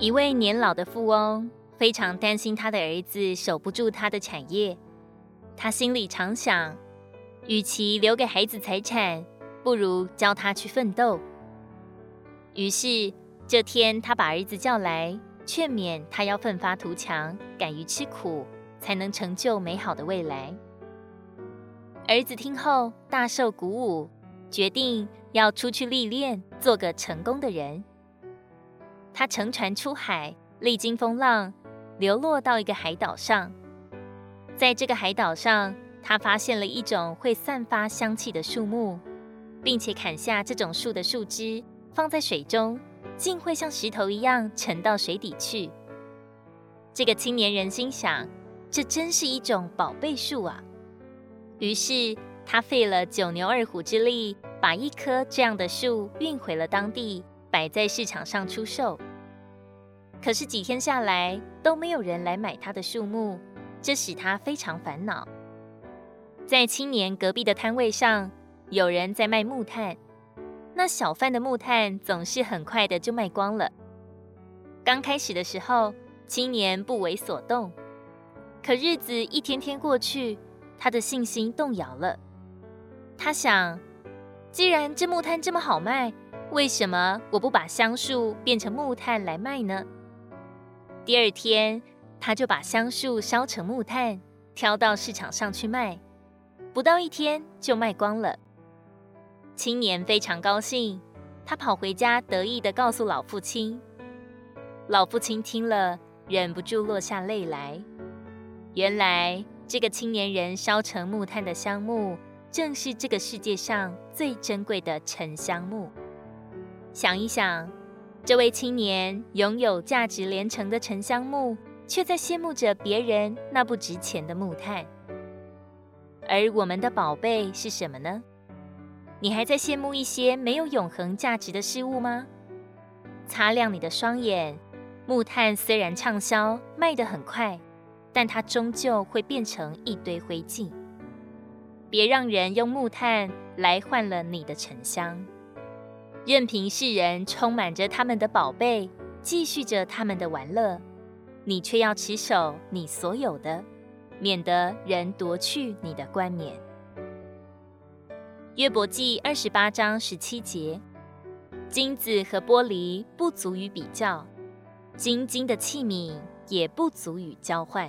一位年老的富翁非常擔心他的兒子守不住他的產業，他心裡常想，與其留給孩子財產，不如教他去奮鬥。於是這天，他把兒子叫來，勸勉他要奮發圖強，敢於吃苦，才能成就美好的未來。兒子聽後大受鼓舞，決定要出去歷練，做個成功的人。他乘船出海，歷經風浪，流落到一個海島上。在這個海島上，他發現了一種會散發香氣的樹木，並且砍下這種樹的樹枝，放在水中，竟會像石頭一樣沉到水底去。這個青年人心想：這真是一種寶貝樹啊！於是他費了九牛二虎之力，把一棵這樣的樹運回了當地，擺在市場上出售。可是幾天下來，都沒有人來買他的樹木，這使他非常煩惱。在青年隔壁的攤位上，有人在賣木炭，那小販的木炭總是很快的就賣光了。剛開始的時候，青年不為所動，可日子一天天過去，他的信心動搖了。他想，既然這木炭這麼好賣，為什麼我不把香樹變成木炭來賣呢？第二天，他就把香樹燒成木炭，挑到市場上去賣。不到一天就賣光了。青年非常高興，他跑回家，得意地告訴老父親。老父親聽了，忍不住落下淚來。原來，這個青年人燒成木炭的香木，正是這個世界上最珍貴的沉香木。想一想。這位青年擁有價值連城的沉香木，卻在羨慕着別人那不值錢的木炭。而我們的寶貝是什麼呢？你還在羨慕一些沒有永恆價值的事物嗎？擦亮你的雙眼，木炭雖然暢銷，賣得很快，但它終究會變成一堆灰燼。別讓人用木炭來換了你的沉香。任憑世人充滿着他們的寶貝，繼續着他們的玩樂，你卻要持守你所有的，免得人奪去你的冠冕。約伯記二十八章十七節：金子和玻璃不足以比較，精金的器皿也不足以交換。